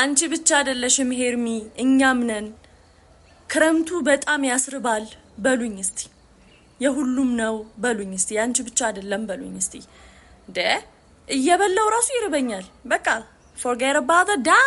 አንቺ ብቻ አይደለሽም ሄርሚ፣ እኛም ነን። ክረምቱ በጣም ያስርባል በሉኝ እስቲ፣ የሁሉም ነው በሉኝ እስቲ፣ አንቺ ብቻ አይደለም በሉኝ እስቲ። እንደ እየበላው ራሱ ይርበኛል። በቃ ፎርጌት አባውት ዳ